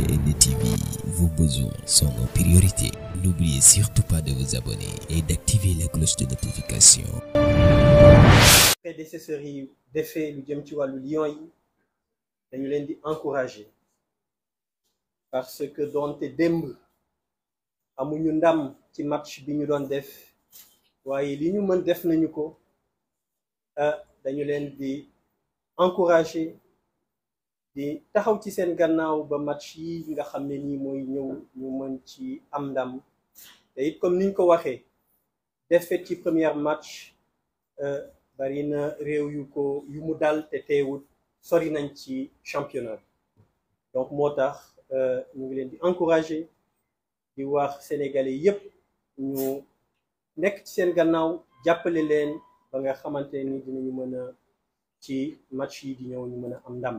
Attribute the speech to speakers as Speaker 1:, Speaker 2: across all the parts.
Speaker 1: DN TV, vos besoins sont nos priorités. N'oubliez surtout pas de vous abonner et d'activer la cloche de notification. prédécesseurs yi defee le jëm ci lion nous dañu leen di encourager parce que dans démb amuñu ndam ci match bi ñu def waaye li ñu mën def nañu ko ah, dañu di taxaw ci sen gannaaw ba match yi nga xamné ni moy ñew ñu mën ci am ndam té it comme niñ ko waxé défaite ci première match euh, bari na réew yu ko yu mu dal té téwut sori nañ ci championnat donc moo tax euh, ñu ngi leen di encourager di wax sénégalais yépp ñu nekk ci sen gannaaw jappalé leen ba nga xamanté ni dinañu mën a ci match yi di ñew ñu mëna am ndam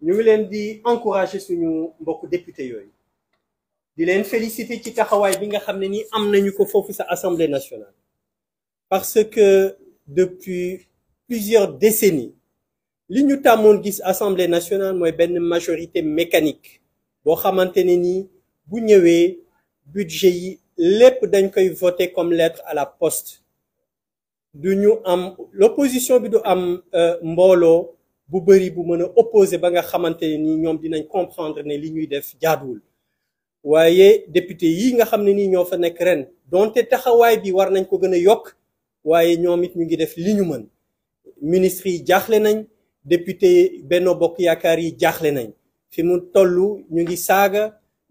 Speaker 1: Nous voulons encourager suñu de député Nous di féliciter les féliciter qui nga xam ne ni am nañu nationale parce que depuis plusieurs décennies nous avons, gis assemblée nationale est une majorité mécanique Nous avons maintenir ni bu budget yi lépp dañ koy voter comme lettre à la poste du ñu am l'opposition bi du am euh, bu bari bu meuna a opposé ba nga xamante ni ñom dinañ comprendre ne li ñuy def jaadul wayé député yi nga xamné ne nii ñoo fa nekk ren donté taxaway bi war nañ ko gëna yok wayé waaye it ñu ngi def li ñu mën ministre yi jaaxle nañ député Benno Bokk Yaakaar yi jaaxle nañ fi mu tollu ñu ngi saga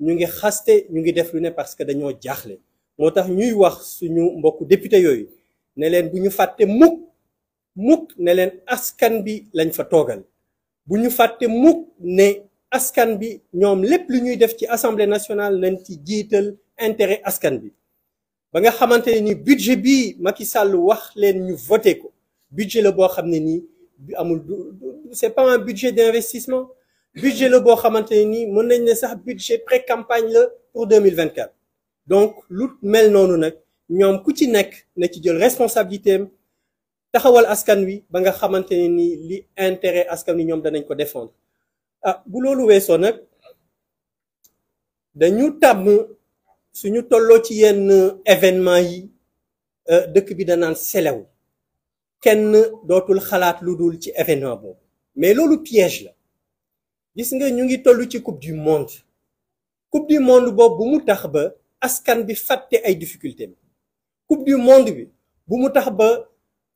Speaker 1: ñu ngi xaste ñu ngi def lu né parce que dañoo jaaxle motax ñuy wax suñu mbokk député yoy ne leen buñu faté mukk muk ne len askan bi lañ fa togal buñu faté muk né ne askan bi ñom lepp li ñuy def ci assemblée nationale lañ ci jiital intérêt askan bi ba nga xamante ni budget bi Macky Sall wax leen ñu voter ko budget le bo xam ni amul c'est pas un budget d'investissement budget le bo xamante ni nii mën nañ né sax budget pré-campagne le pour 2024 donc lu mel nonu nak ñom ku ci nek na ci jël responsabilité taxawal askan wi ba nga xamanteni ni li intérêt askan ni ñom danañ ko défendre ah bu loolu weesoo nak dañu tam suñu tollo ci yenn événement yi euh, dëkk bi nan selew kenn dotul xalaat ludul ci événement boobu mais loolu piège la gis nga ñu ngi tollu ci coupe du monde coupe du monde bob bu mu tax ba askan bi fàtte ay difficulté coupe du monde bi bu mu tax ba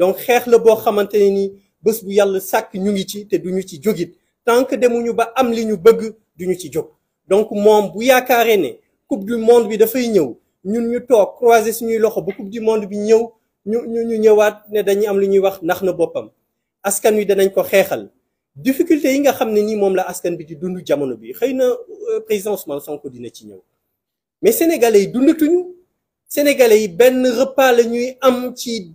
Speaker 1: donc xeex la boo xamante ni bés bu yalla sak ñu ngi ci te duñu ci jogit tant que ñu ba am li ñu bëgg duñu ci jog donc mom bu yaakaaree né coupe du monde bi fay ñëw ñun ñu tok croiser suñuy loxo bu coupe du monde bi ñëw ñu ñu ñu ñëwaat né dañuy am li ñuy wax nax na boppam askan wi dañ ko xexal difficulté yi nga xam ni mom la askan bi di dundu jamono bi xeyna euh, président Ousmane Sonko dina ci ñëw mais sénégalais yi dundatuñu sénégalais yi ben repas la ñuy am ci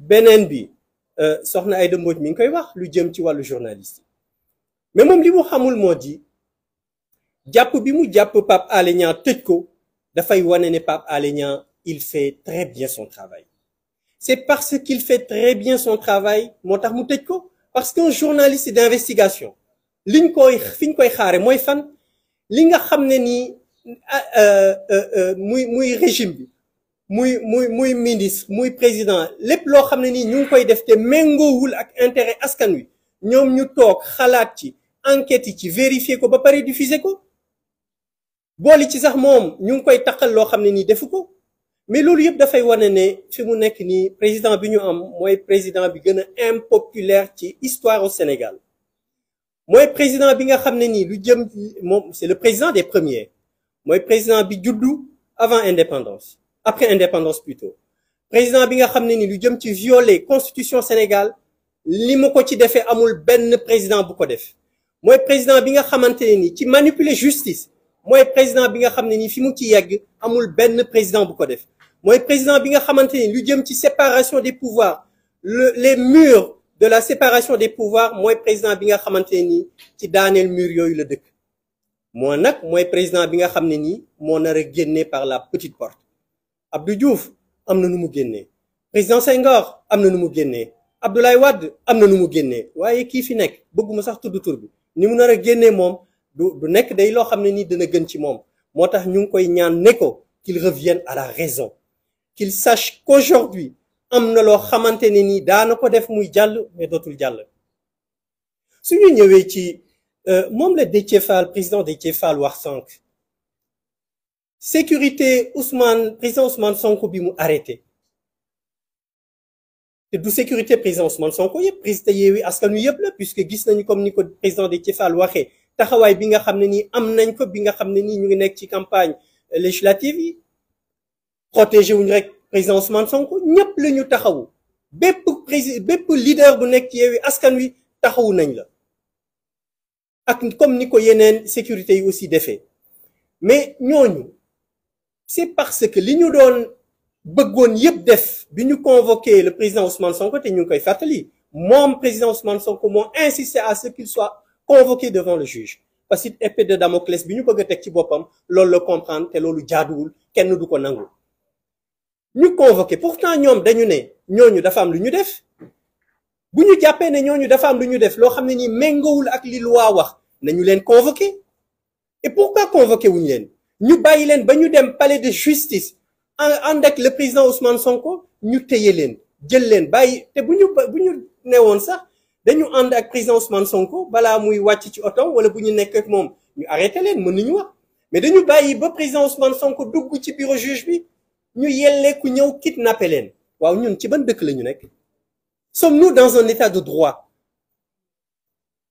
Speaker 1: benen bi euh, soxna Aïda Mbodj mi ngi koy wax lu jëm ci walu journaliste mais moom li mu xamul mo di japp bi mu japp Pape alignan Niang ko da fay ne Pape alignan il fait très bien son travail c'est parce qu'il fait très bien son travail motax mu ko parce qu'un journaliste d'investigation liñ koy fiñ koy xaare moy fan li nga ah, euh euh euh muy muy régime bi muy muy muy ministre muy président lepp lo xamné ni ñu koy def te méngoowul ak intérêt askan wi ñom ñu tok xalaat ci enquête ci vérifier ko ba paré diffuser ko booli ci sax mom ñu koy takal lo xamné ni defuko mais lolu mais da fay wone né ci mu nek ni président bi ñu am moy président bi gëna impopulaire ci histoire au Sénégal moy président bi nga xamné ni lu jëm mom c'est le président des premiers moy président bi juddou avant indépendance après indépendance plutôt président bi nga lui dit ni lu jëm violer constitution Sénégal li mu fait ci defee amul benn président bu ko président bi nga qui manipule justice moi, président bi nga xam ni fi mu ci yegg amul benn président bu Moi le président bi nga qui ni lu séparation des pouvoirs le les murs de la séparation des pouvoirs le président bi nga qui ne ni ci le mur yooyu le moi président bi nga moi on a par la petite porte Abdou Diouf amna nu mu président Senghor amna nu mu Abdoulaye Wade amna na nu mu génnee waaye kii fi nekk bëgguma sax tudd tur ni mu nar a du nek nekk day loo ne nii dina gën ci moom moo ñu koy qu'il revienne à la raison qu'il sache qu'aujourd'hui amna lo loo xamante da nii ko def muy jàll mais d'autres jàll su ñu ñëwee ci le euh, la président Déthié Fall wax sécurité Ousmane président Ousmane Sonko bi arrêté C'est du sécurité président Ousmane Sonko yëpp président Yewwi Askan Wi puisque gis nañu comme ni président de Fall waxee taxawaay bi nga xam ne am nañ ko bi nga xam ne nii ñu ngi ci campagne législative Protéger président Ousmane Sonko ñëpp la ñu taxawu bépp président bépp leader bu nek ci Yewwi Askan Wi taxawu nañ la ak comme nico, Yenen, sécurité aussi défait. mais ñooñu c'est parce que li ñu doon bëggoon def bi convoqué le président Ousmane Sonko té ñu koy fatali moom président Ousmane Sonko mo insisté à ce qu'il soit convoqué devant le juge parce que épée de Damoclès bi ñu bëgg a ci bopam loolu la comprendre té loolu jaadul kenn du ko nangu ñu convoqué pourtant ñom dañu né ñoñu dafa am lu ñu def bu ñu jàppee ne ñooñu dafa am lu ñu def lo mengo ou mengawul ak li loi wax nañu leen convoqué et pourquoi convoquer wuñu leen nous bàyyi ben nous dem palais de justice en ak le président Ousmane Sonko nous téye leen jël leen bàyyi te bu ñu bu ñu newoon sax dañu président Ousmane Sonko bala muy wàcc ci oto wala bu ñu nekk ak mom. ñu arrêté leen mën nañu wax mais dañu bàyyi ba président Ousmane Sonko dugg ci bureau juge bi ñu yel ku ñëw kidnappé leen waaw ñun ci ban dëkk la sommes-nous dans un état de droit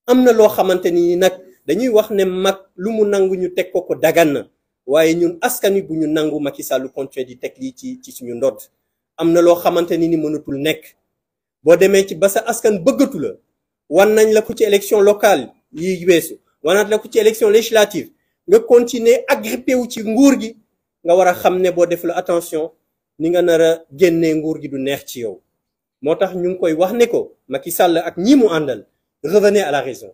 Speaker 1: Amne na loo xamante ni nag dañuy wax ne mak lu mu nangu ñu dagan waye ñun askan bu ñu nangu Macky Sall contre di teg li ci ci suñu ndodd amna lo xamanteni ni ci askan bëggatu la wan nañ la ko ci élection locale yi weesu wanat la ko ci élection législative nga continuer agrippé wu ci nguur gi nga wara xamné bo def la attention ni nga nguur gi du neex ci yow motax ak ñi mu revenez à la raison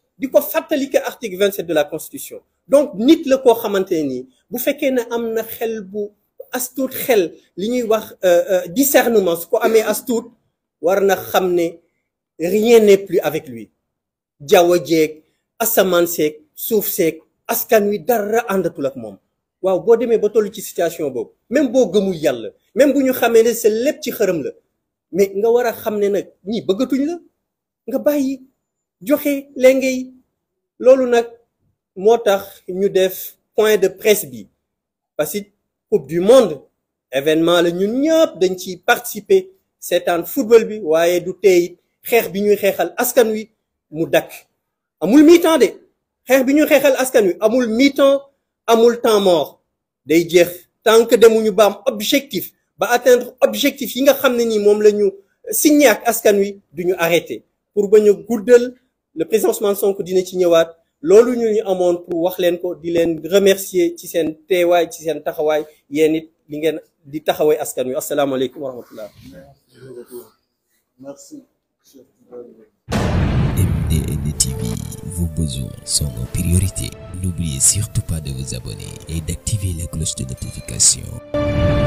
Speaker 1: Du coup, que article 27 de la constitution donc nit le ko xamanteni ni bu fekkee ne na xel bu astout xel li ñuy wax euh, euh, discernement su ko Amé astout war na rien n'est plus avec lui jaww jeeg asamaan askanui suuf seeg askan wi dara àndatul ak moom waaw boo ba tollu ci situation bob même bo gëmul yalla même bu ñu xamé né c'est lepp ci xërem la mais nga wara xamné nak ñi bëggatuñ la nga bayyi joxe lenge yi nak motax ñu def point de presse bi parce que coupe du monde événement le ñun ñëpp dañ ci participer seetaan football bi waaye du tey xex bi ñuy xeexal askan wi mu dak amul mi-temps de xex bi ñuy xeexal askan wi amul mi-temps amul temps mort day jeex tant que demuñu ñu bam objectif ba atteindre objectif yi nga xamné ni mom lañu ñu signé ak askan wi duñu arrêter pour bañu ñu guddal le président Ousmane Sonko ci ñëwaat lolu ñu pour wax leen ko remercier ci sen téway ci sen taxaway nit li ngeen di merci nos priorités. N'oubliez surtout pas de vous abonner et d'activer la cloche de notification.